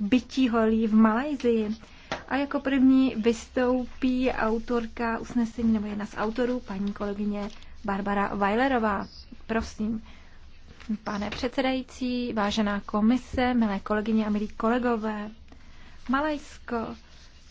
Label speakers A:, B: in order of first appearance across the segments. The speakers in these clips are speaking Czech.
A: bytí holí v Malajzii. A jako první vystoupí autorka usnesení, nebo jedna z autorů, paní kolegyně Barbara Weilerová. Prosím, pane předsedající, vážená komise, milé kolegyně a milí kolegové, Malajsko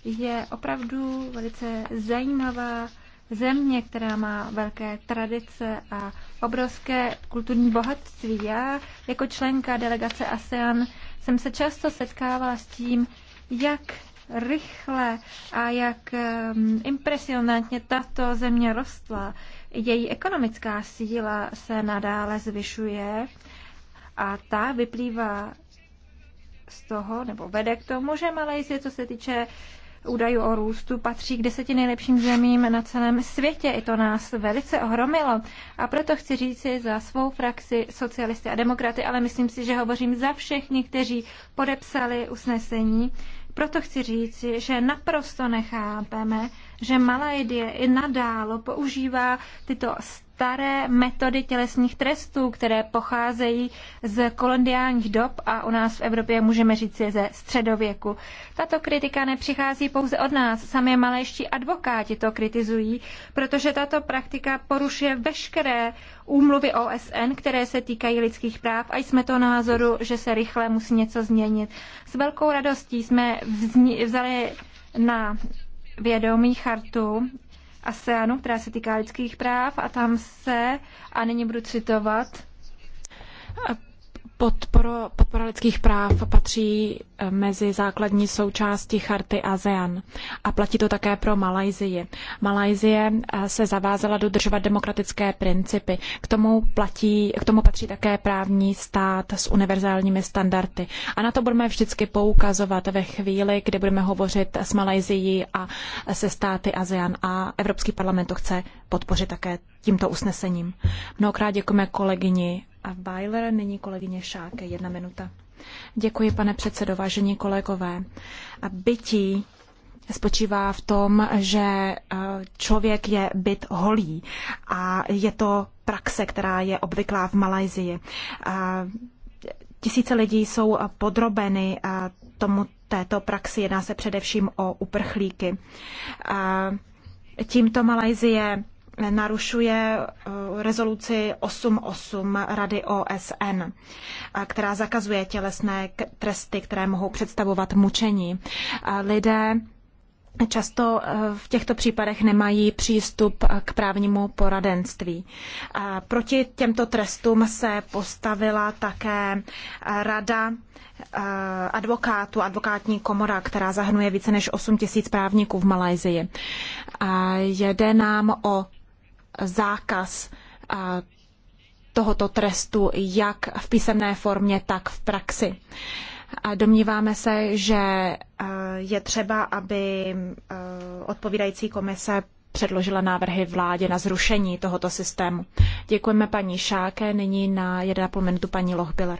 A: je opravdu velice zajímavá země, která má velké tradice a obrovské kulturní bohatství. Já jako členka delegace ASEAN jsem se často setkávala s tím, jak rychle a jak ehm, impresionantně tato země rostla. Její ekonomická síla se nadále zvyšuje a ta vyplývá z toho, nebo vede k tomu, že Malajzie, co se týče údajů o růstu patří k deseti nejlepším zemím na celém světě. I to nás velice ohromilo. A proto chci říci za svou frakci socialisty a demokraty, ale myslím si, že hovořím za všechny, kteří podepsali usnesení. Proto chci říci, že naprosto nechápeme, že Malajdie i nadálo používá tyto staré metody tělesných trestů, které pocházejí z kolondiálních dob a u nás v Evropě můžeme říct je ze středověku. Tato kritika nepřichází pouze od nás, sami malejští advokáti to kritizují, protože tato praktika porušuje veškeré úmluvy OSN, které se týkají lidských práv a jsme to názoru, že se rychle musí něco změnit. S velkou radostí jsme vzali na vědomí chartu ASEANu, která se týká lidských práv a tam se, a nyní budu citovat, Podpora, podpora lidských práv patří
B: eh, mezi základní součásti charty ASEAN a platí to také pro Malajzii. Malajzie eh, se zavázala dodržovat demokratické principy. K tomu, platí, k tomu patří také právní stát s univerzálními standardy. A na to budeme vždycky poukazovat ve chvíli, kdy budeme hovořit s Malajzií a se státy ASEAN a Evropský parlament to chce podpořit také tímto usnesením. Mnohokrát děkujeme kolegyni Weiler, nyní kolegyně Šáke, jedna minuta. Děkuji, pane předsedo, vážení kolegové. Bytí spočívá v tom, že eh, člověk je byt holý a je to praxe, která je obvyklá v Malajzii. Eh, tisíce lidí jsou podrobeny eh, tomu této praxi, jedná se především o uprchlíky. Tímto Malajzie narušuje eh, rezoluci 88 Rady OSN, eh, která zakazuje tělesné tresty, které mohou představovat mučení. Eh, lidé často v těchto případech nemají přístup k právnímu poradenství. Proti těmto trestům se postavila také rada advokátů, advokátní komora, která zahrnuje více než 8 tisíc právníků v Malajzii. Jede nám o zákaz tohoto trestu jak v písemné formě, tak v praxi. A domníváme se, že je třeba, aby odpovídající komise předložila návrhy vládě na zrušení tohoto systému. Děkujeme paní Šáke, nyní na 1,5 minutu paní Lochbiller.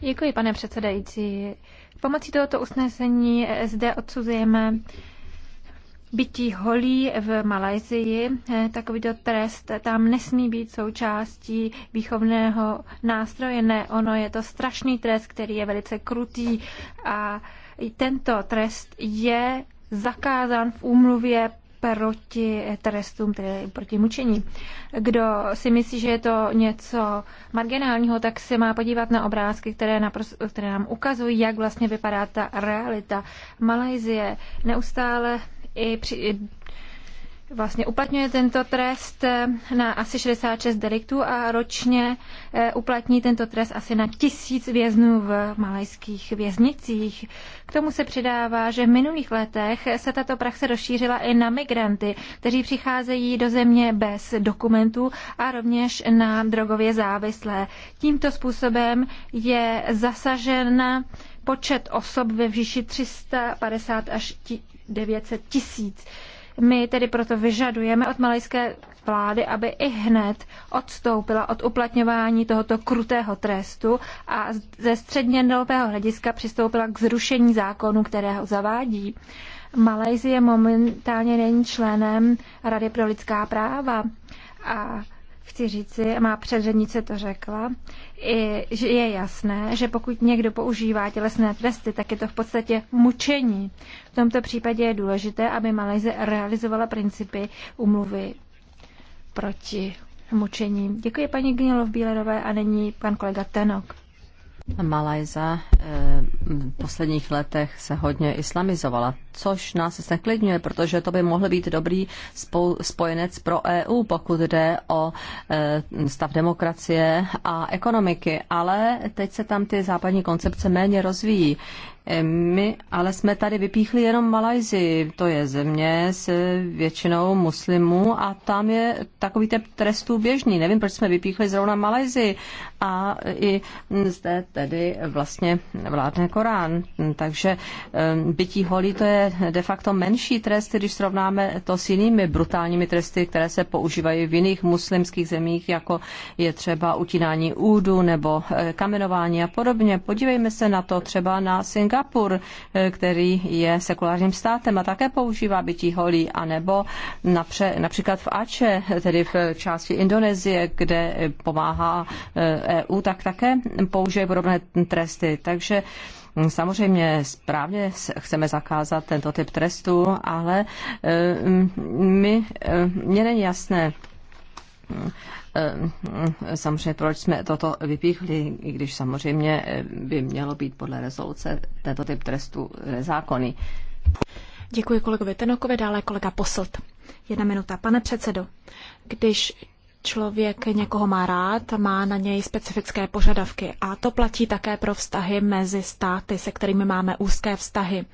A: Děkuji, pane předsedající. Pomocí tohoto usnesení zde odsuzujeme bytí holí v Malajzii. Eh, takovýto trest tam nesmí být součástí výchovného nástroje. Ne, ono je to strašný trest, který je velice krutý a tento trest je zakázán v úmluvě proti trestům, tedy proti mučení. Kdo si myslí, že je to něco marginálního, tak se má podívat na obrázky, které, napros- které nám ukazují, jak vlastně vypadá ta realita. Malajzie neustále i při, vlastně uplatňuje tento trest eh, na asi 66 deliktů a ročně eh, uplatní tento trest asi na tisíc věznů v malajských věznicích. K tomu se přidává, že v minulých letech se tato praxe rozšířila i na migranty, kteří přicházejí do země bez dokumentů a rovněž na drogově závislé. Tímto způsobem je zasažena počet osob ve výši 350 až 900 tisíc. My tedy proto vyžadujeme od malajské vlády, aby i hned odstoupila od uplatňování tohoto krutého trestu a ze středně střednědobého hlediska přistoupila k zrušení zákonu, ho zavádí. Malajzie momentálně není členem Rady pro lidská práva a chci říci, má předřednice to řekla, i, že je jasné, že pokud někdo používá tělesné tresty, tak je to v podstatě mučení. V tomto případě je důležité, aby Malajze realizovala principy umluvy proti mučení. Děkuji paní
C: Bílerové a není pan kolega Tenok. Malajza eh, v posledních letech se hodně islamizovala, což nás zneklidňuje, protože to by mohl být dobrý spojenec pro EU, pokud jde o eh, stav demokracie a ekonomiky. Ale teď se tam ty západní koncepce méně rozvíjí. My ale jsme tady vypíchli jenom Malajzi, to je země s většinou muslimů a tam je takový typ trestů běžný. Nevím, proč jsme vypíchli zrovna Malajzi a i zde tedy vlastně vládne Korán. Takže bytí holí to je de facto menší trest, když srovnáme to s jinými brutálními tresty, které se používají v jiných muslimských zemích, jako je třeba utínání údu nebo eh, kamenování a podobně. Podívejme se na to třeba na Singapur Singapur, eh, který je sekulárním státem a také používá bytí holí, anebo napře, například v Ače, tedy v části Indonésie, kde pomáhá EU, eh, e tak také použije podobné tresty. Takže hm, Samozřejmě správně chceme zakázat tento typ trestu, ale eh, hm, my, mně není jasné, Eh, eh, samozřejmě proč jsme toto vypíchli, i když samozřejmě eh, by mělo být podle rezoluce tento typ trestu nezákonný. Děkuji kolegovi Tenokovi, dále kolega Poslt.
B: Jedna minuta. Pane předsedo, když člověk někoho má rád, má na něj specifické požadavky a to platí také pro vztahy mezi státy, se kterými máme úzké vztahy.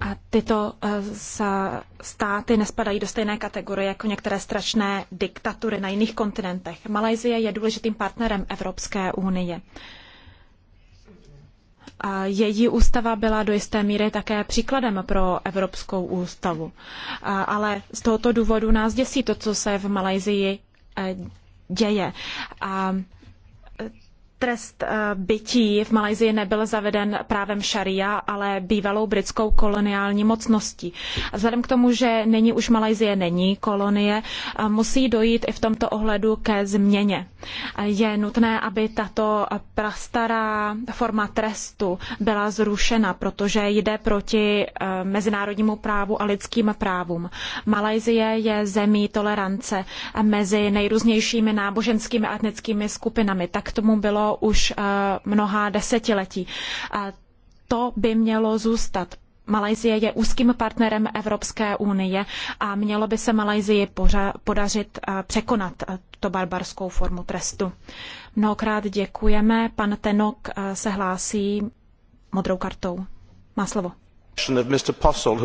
B: A tyto eh, státy nespadají do stejné kategorie jako některé strašné diktatury na jiných kontinentech. Malajzie je důležitým partnerem Evropské unie. A její ústava byla do jisté míry také příkladem pro Evropskou ústavu. A, ale z tohoto důvodu nás děsí to, co se v Malajzii eh, děje. A Trest eh, bytí v Malajsii nebyl zaveden právem šaria, ale bývalou britskou koloniální mocností. Vzhledem k tomu, že není už Malajsie není kolonie, eh, musí dojít i v tomto ohledu ke změně. Eh, je nutné, aby tato prastará forma trestu byla zrušena, protože jde proti mezinárodnímu právu a lidským právům. Malajsie je zemí tolerance mezi nejrůznějšími náboženskými a etnickými skupinami. Tak tomu bylo už eh, mnohá desetiletí. To by mělo zůstat. Malajsie je úzkým partnerem Evropské unie a mělo by se Malajsii podařit eh, překonat eh, to barbarskou formu trestu. Mnohokrát děkujeme. Pan Tenok se hlásí
C: modrou kartou. Má slovo.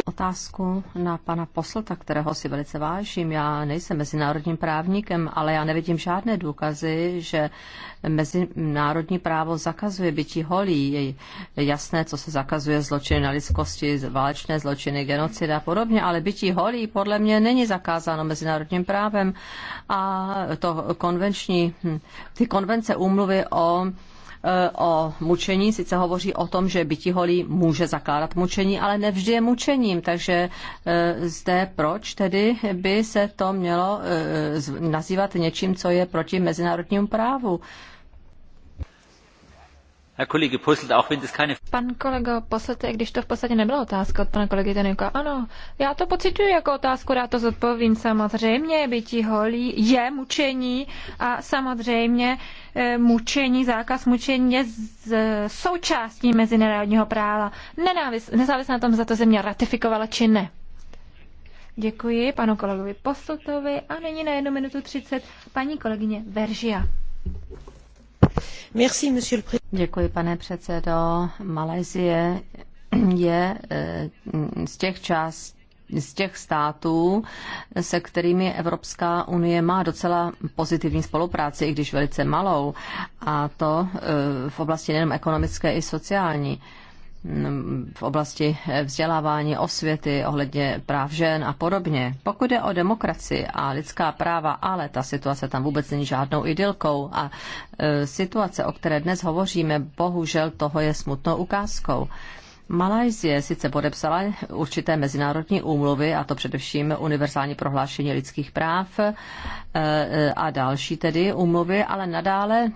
C: Otázku na pana Poslta, kterého si velice vážím. Já nejsem mezinárodním právníkem, ale já nevidím žádné důkazy, že mezinárodní právo zakazuje bytí holí. Je jasné, co se zakazuje, zločiny na lidskosti, válečné zločiny, genocida a podobně, ale bytí holí podle mě není zakázáno mezinárodním právem a to konvenční, hm, ty konvence úmluvy o o mučení sice hovoří o tom, že bytiholí může zakládat mučení, ale nevždy je mučením, takže e, zde proč tedy by se to mělo e, nazývat něčím, co je proti mezinárodnímu právu?
A: Pan kolega Posete, když to v podstatě nebyla otázka od pana kolegy Tenuka, ano, já to pocituju jako otázku, rád to zodpovím samozřejmě, bytí holí je mučení a samozřejmě eh, mučení, zákaz mučení je z, součástí mezinárodního práva. nezávisle na tom, za to země ratifikovala či ne. Děkuji panu kolegovi Posotovi a nyní na jednu minutu třicet paní kolegyně Veržia
C: pane předsedající Malajsie je eh, z těch z těch států, se kterými Evropská unie má docela pozitivní spolupráci, i když velice malou, a to eh, v oblasti nejenom ekonomické i sociální. Mm, v oblasti eh, vzdělávání, osvěty, ohledně práv žen a podobně. Pokud je o demokracii a lidská práva, ale ta situace tam vůbec není žádnou idylkou a eh, situace, o které dnes hovoříme, bohužel toho je smutnou ukázkou. Malajzie sice podepsala určité mezinárodní úmluvy, a to především univerzální prohlášení lidských práv e, e, a další tedy úmluvy, ale nadále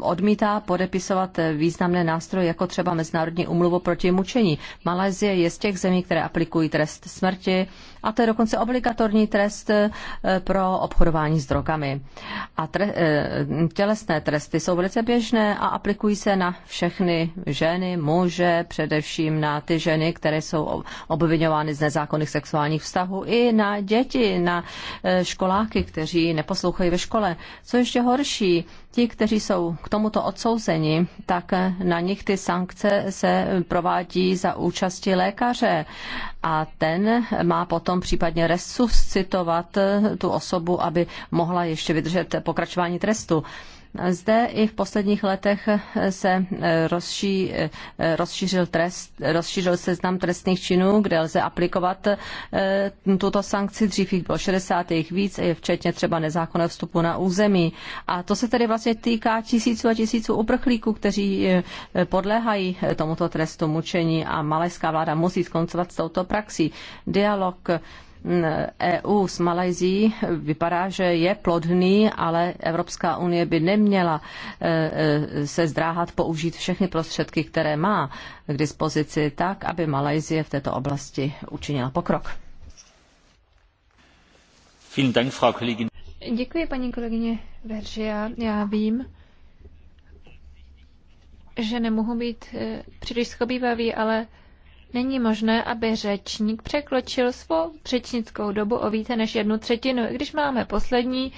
C: odmítá podepisovat významné nástroje, jako třeba mezinárodní úmluvu proti mučení. Malajzie je z těch zemí, které aplikují trest smrti a to je dokonce obligatorní trest e, pro obchodování s drogami. A tre- tělesné tresty jsou velice běžné a aplikují se na všechny ženy, muže, především především na ty ženy, které jsou obvinovány z nezákonných sexuálních vztahů, i na děti, na eh, školáky, kteří neposlouchají ve škole. Co ještě horší, Ti, kteří jsou k tomuto odsouzeni, tak na nich ty sankce se provádí za účasti lékaře a ten má potom případně resuscitovat tu osobu, aby mohla ještě vydržet pokračování trestu. Zde i v posledních letech se rozší, rozšířil, trest, rozšířil seznam trestných činů, kde lze aplikovat eh, tuto sankci. Dřív jich bylo 60, jich víc, včetně třeba nezákonného vstupu na území. A to se tedy vlastně se týká tisíců a tisíců uprchlíků, kteří eh, podléhají eh, tomuto trestu mučení a malajská vláda musí skoncovat s touto praxí. Dialog mm, EU s Malajzí eh, vypadá, že je plodný, ale Evropská unie by neměla se zdráhat použít všechny prostředky, které má k dispozici, tak, aby Malajzie v této oblasti učinila pokrok. Vielen Dank, Frau Kollegin.
A: Děkuji, paní kolegyně Veržia. Já vím, že nemohu být eh, příliš schobývavý, ale není možné, aby řečník překročil svou řečnickou dobu o více než jednu třetinu. I když máme poslední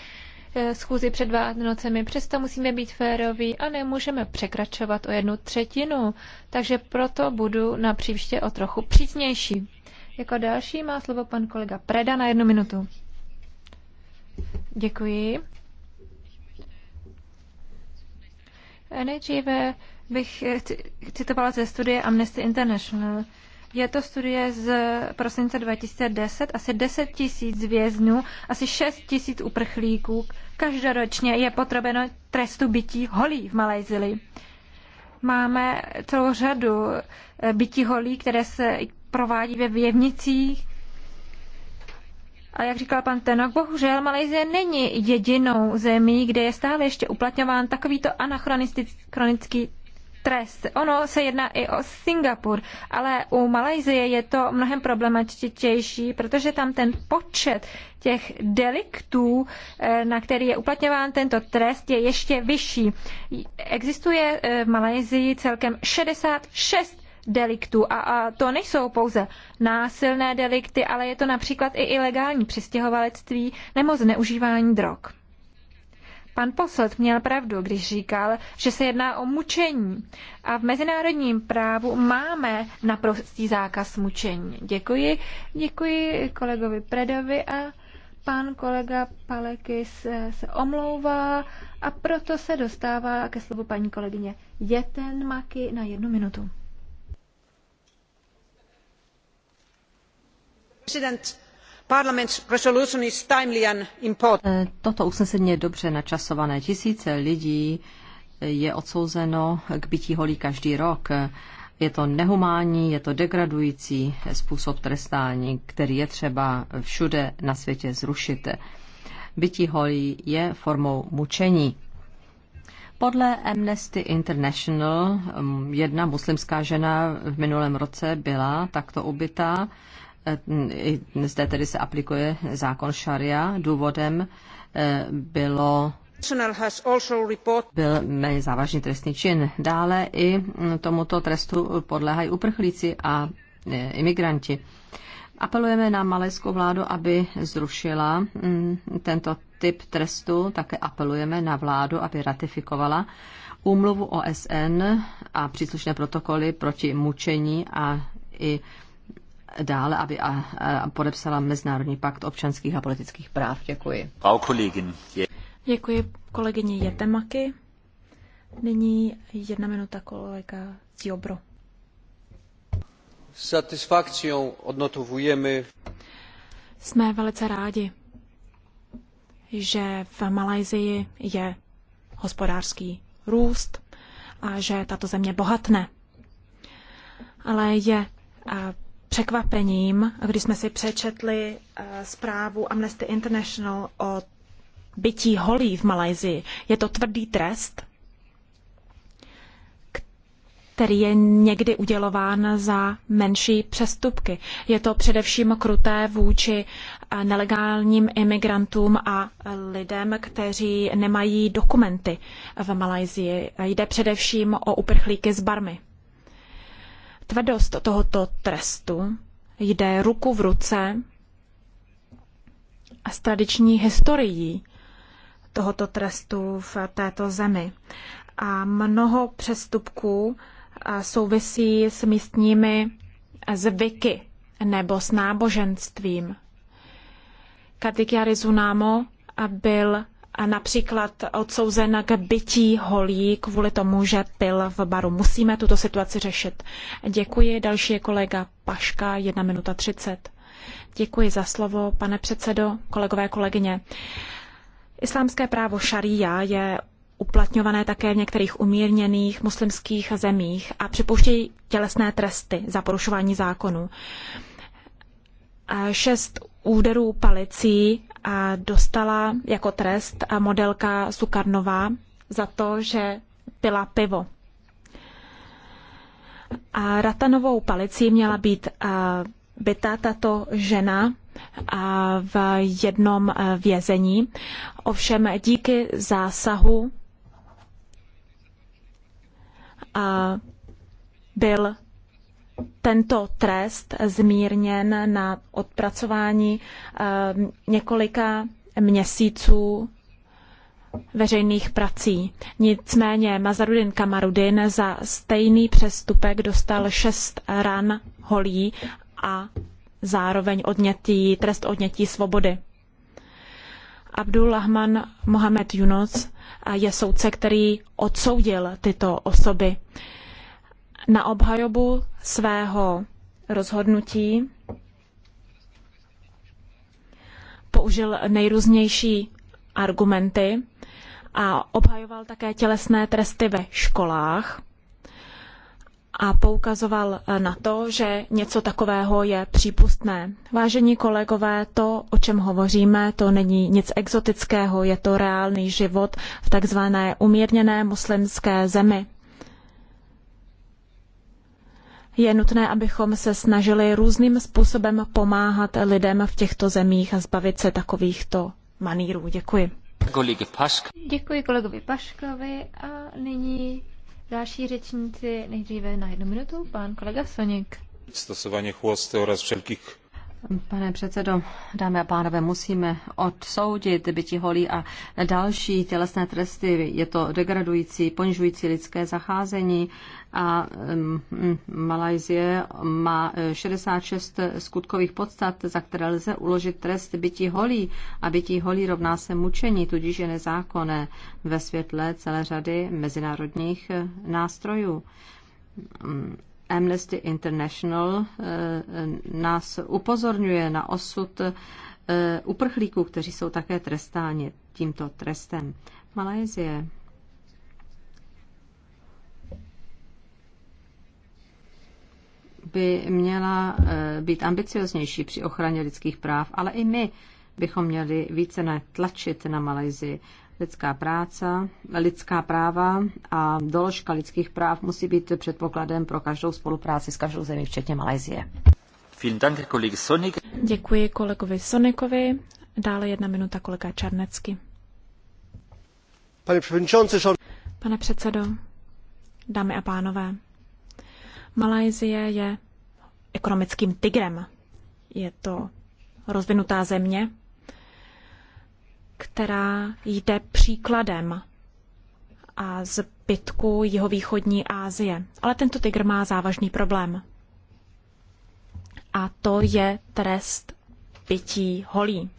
A: eh, schůzi před Vánocemi, přesto musíme být féroví a nemůžeme překračovat o jednu třetinu, takže proto budu na příště o trochu přísnější. Jako další má slovo pan kolega Preda na jednu minutu. Děkuji. Nejdříve bych citovala ze studie Amnesty International. Je to studie z prosince 2010, asi 10 tisíc vězňů, asi 6 tisíc uprchlíků. Každoročně je potřebeno trestu bytí holí v Malajzili. Máme celou řadu eh, bytí holí, které se provádí ve věvnicích, a jak říkal pan Tenok, bohužel Malajzie není jedinou zemí, kde je stále ještě uplatňován takovýto anachronistický trest. Ono se jedná i o Singapur, ale u Malajzie je to mnohem problematičtější, protože tam ten počet těch deliktů, eh, na který je uplatňován tento trest, je ještě vyšší. Existuje eh, v Malajzii celkem 66 deliktů. A, a to nejsou pouze násilné delikty, ale je to například i ilegální přistěhovalectví nebo zneužívání drog. Pan posled měl pravdu, když říkal, že se jedná o mučení. A v mezinárodním právu máme naprostý zákaz mučení. Děkuji. Děkuji kolegovi Predovi a pan kolega Palekis se omlouvá a proto se dostává ke slovu paní kolegyně Jeten Maky na jednu minutu. Eh,
C: toto usnesení je dobře načasované. Tisíce lidí je odsouzeno k bytí holí každý rok. Je to nehumánní, je to degradující způsob trestání, který je třeba všude na světě zrušit. Bytí holí je formou mučení. Podle Amnesty International mm, jedna muslimská žena v minulém roce byla takto ubytá Eh, zde tedy se aplikuje zákon šaria. Důvodem eh, bylo byl méně závažný trestný čin. Dále i hm, tomuto trestu podléhají uprchlíci a eh, imigranti. Apelujeme na malajskou vládu, aby zrušila hm, tento typ trestu. Také apelujeme na vládu, aby ratifikovala úmluvu OSN a příslušné protokoly proti mučení a i dále, aby a, a podepsala Mezinárodní pakt občanských a politických práv. Děkuji. Děkuji
B: kolegyně Jetemaky. Nyní jedna minuta kolega Ziobro.
C: S satisfakcí odnotovujeme.
B: Jsme velice rádi, že v Malajzii je hospodářský růst a že tato země bohatne. Ale je překvapením, když jsme si přečetli eh, zprávu Amnesty International o bytí holí v Malajzii. Je to tvrdý trest, který je někdy udělován za menší přestupky. Je to především kruté vůči eh, nelegálním imigrantům a lidem, kteří nemají dokumenty v Malajzii. Jde především o uprchlíky z Barmy. Tvrdost tohoto trestu jde ruku v ruce s tradiční historií tohoto trestu v této zemi. A mnoho přestupků souvisí s místními zvyky nebo s náboženstvím. Katik Jarizunamo byl například odsouzen k bytí holí kvůli tomu, že pil v baru. Musíme tuto situaci řešit. Děkuji. Další je kolega Paška, 1 minuta 30. Děkuji za slovo, pane předsedo, kolegové, kolegyně. Islámské právo šaría je uplatňované také v některých umírněných muslimských zemích a připouštějí tělesné tresty za porušování zákonů. Šest úderů palicí a dostala jako trest modelka Sukarnová za to, že pila pivo. A ratanovou palicí měla být eh, byta tato žena eh, v jednom eh, vězení. Ovšem díky zásahu byl tento trest zmírněn na odpracování ehm, několika měsíců veřejných prací. Nicméně Mazarudin Kamarudin za stejný přestupek dostal šest ran holí a zároveň odnětí, trest odnětí svobody. Abdulrahman Mohamed Yunus je soudce, který odsoudil tyto osoby na obhajobu svého rozhodnutí použil nejrůznější argumenty a obhajoval také tělesné tresty ve školách a poukazoval na to, že něco takového je přípustné. Vážení kolegové, to, o čem hovoříme, to není nic exotického, je to reálný život v takzvané umírněné muslimské zemi. Je nutné, abychom se snažili různým způsobem pomáhat lidem v těchto zemích a zbavit se takovýchto manírů. Děkuji. Děkuji
A: kolegovi Paškovi a nyní další řečníci nejdříve na jednu minutu,
C: pan kolega Soněk.
B: Stosovaně chłosty oraz všelkých
C: Pane předsedo, dámy a pánové, musíme odsoudit byti holí a další tělesné tresty. Je to degradující, ponižující lidské zacházení a um, mm, mm, Malajzie má 66 e, skutkových podstat, za které lze uložit trest bytí holí a bytí holí rovná se mučení, tudíž je nezákonné ve světle celé řady mezinárodních e, nástrojů mm, Amnesty International eh, nás upozorňuje na osud eh, uprchlíků, kteří jsou také trestáni tímto trestem. Malézie. by měla eh, být ambicioznější při ochraně lidských práv, ale i my bychom měli více netlačit na Malajzi, lidská práce, lidská práva a doložka lidských práv musí být předpokladem pro každou spolupráci s každou zemí, včetně Malajzie. Děkuji kolegovi
B: Sonikovi. Dále jedna minuta kolega Čarnecky. Pane předsedo, dámy a pánové, Malajzie je ekonomickým tigrem. Je to rozvinutá země, která jde příkladem a z jeho jihovýchodní Asie. Ale tento tygr má závažný problém. A to je trest pití holí.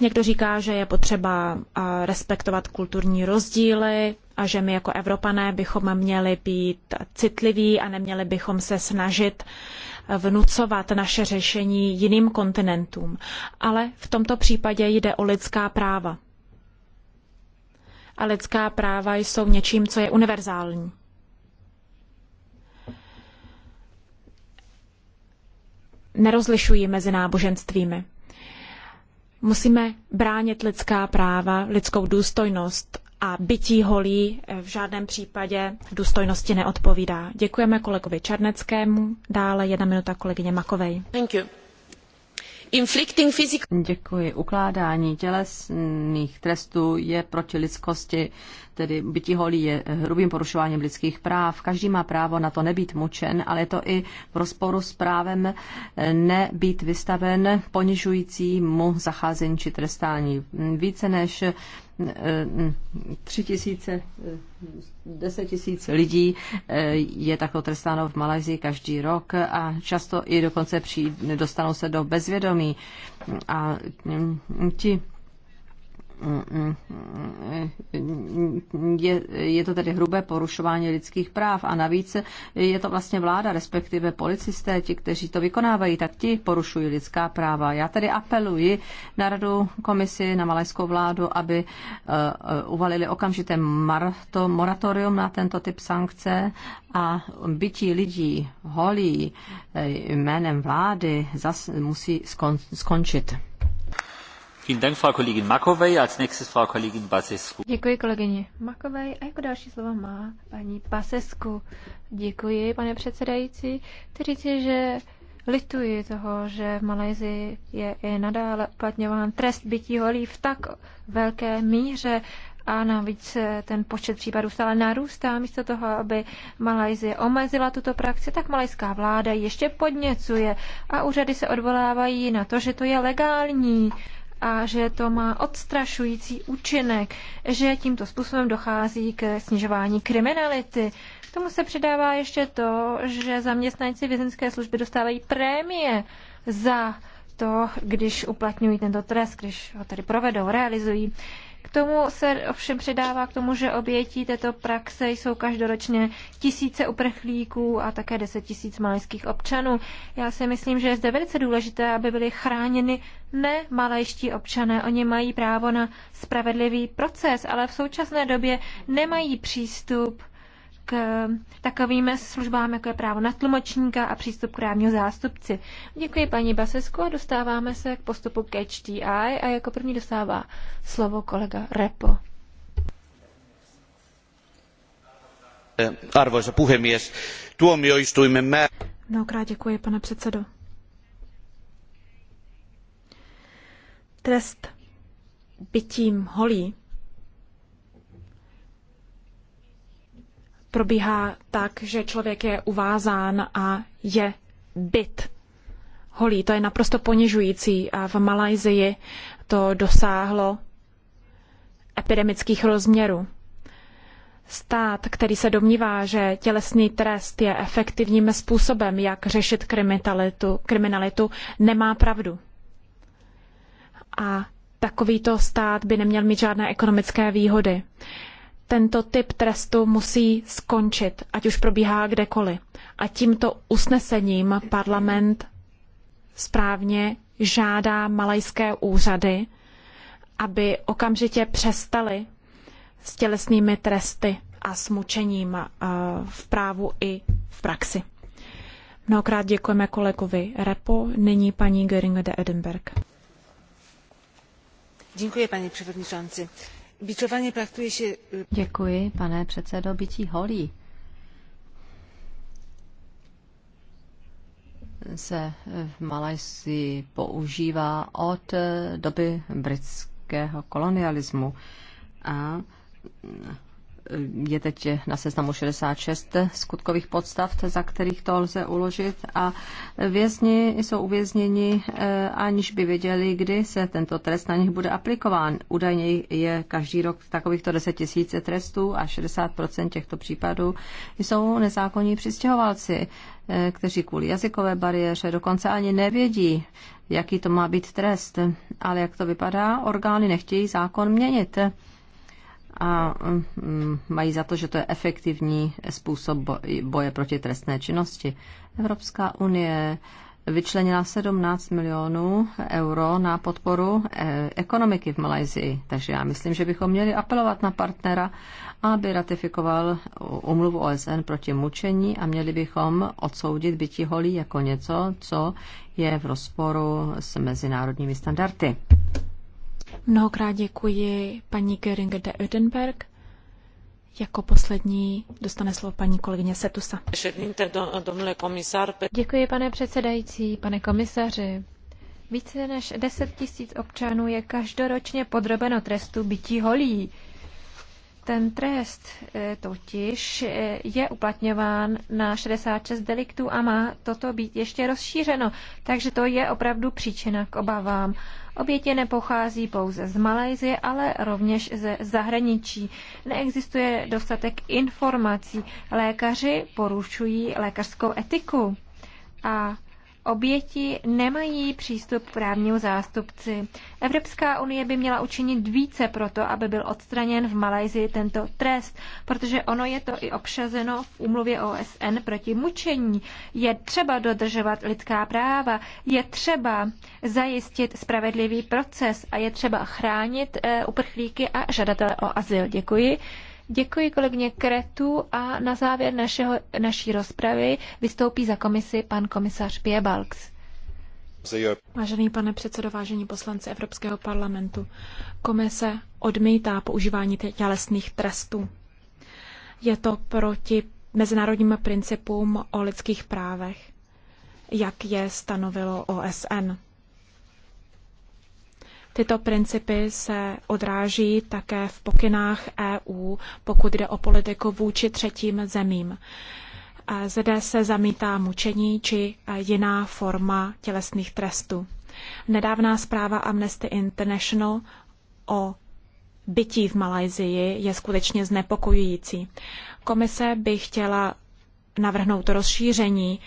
B: Někdo říká, že je potřeba respektovat kulturní rozdíly, a že my jako Evropané bychom měli být citliví a neměli bychom se snažit vnucovat naše řešení jiným kontinentům. Ale v tomto případě jde o lidská práva. A lidská práva jsou něčím, co je univerzální. Nerozlišují mezi náboženstvími. Musíme bránit lidská práva, lidskou důstojnost, a bytí holí v žádném případě důstojnosti neodpovídá. Děkujeme kolegovi Černeckému, dále jedna minuta kolegyně Makovej. Thank you.
C: Inflicting physical... Děkuji. Ukládání tělesných trestů je proti lidskosti, tedy bytí holí je hrubým porušováním lidských práv. Každý má právo na to nebýt mučen, ale je to i v rozporu s právem nebýt vystaven ponižujícímu zacházení či trestání. Více než tři tisíce, deset tisíc lidí eh, je takto trestáno v Malajzii každý rok a často i dokonce přijde, dostanou se do bezvědomí. A mm, ti je, je to tedy hrubé porušování lidských práv a navíc je to vlastně vláda, respektive policisté, ti, kteří to vykonávají, tak ti porušují lidská práva. Já tedy apeluji na radu komisi, na malajskou vládu, aby eh, uvalili okamžité marto, moratorium na tento typ sankce a bytí lidí holí eh, jménem vlády zas musí skon, skončit. Děkuji kolegyni
A: Makovej a jako další slovo má paní Pasesku. Děkuji, pane předsedající. Chci říci, že lituji toho, že v Malajzii je i nadále uplatňován trest bytí holí v tak velké míře a navíc ten počet případů stále narůstá. Místo toho, aby Malajzie omezila tuto praxi, tak malajská vláda ještě podněcuje a úřady se odvolávají na to, že to je legální a že to má odstrašující účinek, že tímto způsobem dochází k snižování kriminality. K tomu se přidává ještě to, že zaměstnanci vězenské služby dostávají prémie za to, když uplatňují tento trest, když ho tedy provedou, realizují. K tomu se ovšem přidává k tomu, že obětí této praxe jsou každoročně tisíce uprchlíků a také deset tisíc malajských občanů. Já si myslím, že je zde velice důležité, aby byly chráněny ne malajští občané. Oni mají právo na spravedlivý proces, ale v současné době nemají přístup k eh, takovým službám, jako je právo na tlumočníka a přístup k právního zástupci. Děkuji paní Basesku a dostáváme se k postupu k HDI a jako první dostává slovo kolega Repo.
C: Eh, arvoisa puhemies, tuomioistuimen mä...
B: Mnohokrát děkuji, pane předsedo. Trest bytím holí probíhá tak, že člověk je uvázán a je byt. holý. to je naprosto ponižující a v Malajzii to dosáhlo epidemických rozměrů. Stát, který se domnívá, že tělesný trest je efektivním způsobem, jak řešit kriminalitu, kriminalitu nemá pravdu. A takovýto stát by neměl mít žádné ekonomické výhody tento typ trestu musí skončit, ať už probíhá kdekoliv. A tímto usnesením parlament správně žádá malajské úřady, aby okamžitě přestali s tělesnými tresty a smučením eh, v právu i v praxi. Mnohokrát děkujeme kolegovi Repo, nyní paní Göringe de Edinburgh. Děkuji, paní předsedající Bičování praktuje se...
C: Děkuji, pane předsedo, bytí holí. se e, v Malajsii používá od e, doby britského kolonialismu. A je teď na seznamu 66 skutkových podstav, za kterých to lze uložit a vězni jsou uvězněni, eh, aniž by věděli, kdy se tento trest na nich bude aplikován. Údajně je každý rok takovýchto 10 000 trestů a 60% těchto případů jsou nezákonní přistěhovalci, eh, kteří kvůli jazykové bariéře dokonce ani nevědí, jaký to má být trest. Ale jak to vypadá, orgány nechtějí zákon měnit a mm, mají za to, že to je efektivní způsob boje proti trestné činnosti. Evropská unie vyčlenila 17 milionů euro na podporu e, ekonomiky v Malajzii. Takže já myslím, že bychom měli apelovat na partnera, aby ratifikoval umluvu OSN proti mučení a měli bychom odsoudit bytí holí jako něco, co je v rozporu s mezinárodními standardy.
B: Mnohokrát děkuji paní Göring de Ödenberg. Jako poslední dostane slovo paní kolegyně Setusa.
A: Děkuji, pane předsedající, pane komisaři. Více než 10 tisíc občanů je každoročně podrobeno trestu bytí holí. Ten trest e, totiž e, je uplatňován na 66 deliktů a má toto být ještě rozšířeno, takže to je opravdu příčina k obavám. Oběti nepochází pouze z Malajzie, ale rovněž ze zahraničí. Neexistuje dostatek informací. Lékaři porušují lékařskou etiku. A Oběti nemají přístup k právnímu zástupci. Evropská unie by měla učinit více proto, aby byl odstraněn v Malajzii tento trest, protože ono je to i obšazeno v úmluvě OSN proti mučení. Je třeba dodržovat lidská práva, je třeba zajistit spravedlivý proces a je třeba chránit eh, uprchlíky a žadatele o azyl. Děkuji. Děkuji kolegyně Kretu a na závěr našeho, naší rozpravy vystoupí za komisi pan komisař Piebalgs. Vážený pane předsedo,
B: vážení poslanci Evropského parlamentu, komise odmítá používání tělesných trestů. Je to proti mezinárodním principům o lidských právech, jak je stanovilo OSN. Tyto principy se odráží také v pokynách EU, pokud jde o politiku vůči třetím zemím. Zde se zamítá mučení či jiná forma tělesných trestů. Nedávná zpráva Amnesty International o bytí v Malajzii je skutečně znepokojující. Komise by chtěla navrhnout rozšíření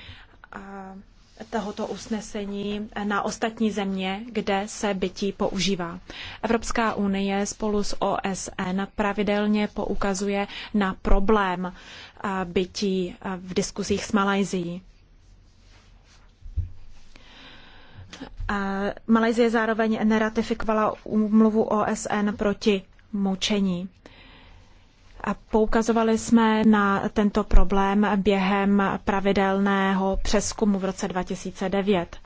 B: tohoto usnesení na ostatní země, kde se bytí používá. Evropská unie spolu s OSN pravidelně poukazuje na problém bytí v diskusích s Malajzií. Malajzie zároveň neratifikovala úmluvu OSN proti mučení. Poukazovali jsme na tento problém během pravidelného přeskumu v roce 2009.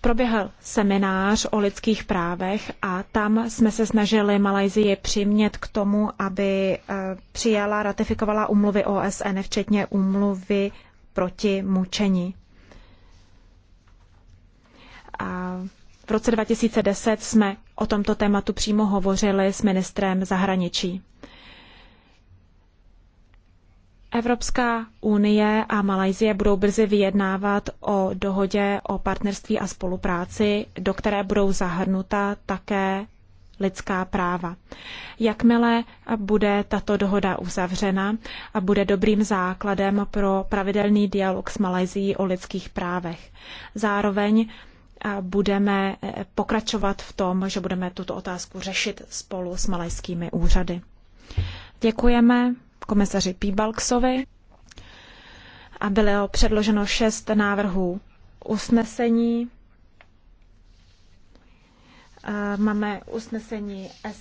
B: Proběhl seminář o lidských právech a tam jsme se snažili Malajzii přimět k tomu, aby eh, přijala, ratifikovala umluvy OSN, včetně umluvy proti mučení. A v roce 2010 jsme o tomto tématu přímo hovořili s ministrem zahraničí. Evropská unie a Malajsie budou brzy vyjednávat o dohodě o partnerství a spolupráci, do které budou zahrnuta také lidská práva. Jakmile bude tato dohoda uzavřena a bude dobrým základem pro pravidelný dialog s Malajzií o lidských právech. Zároveň budeme eh, pokračovat v tom, že budeme tuto otázku řešit spolu s malajskými úřady. Děkujeme komisaři Píbalksovi a bylo předloženo šest návrhů usnesení. Máme usnesení S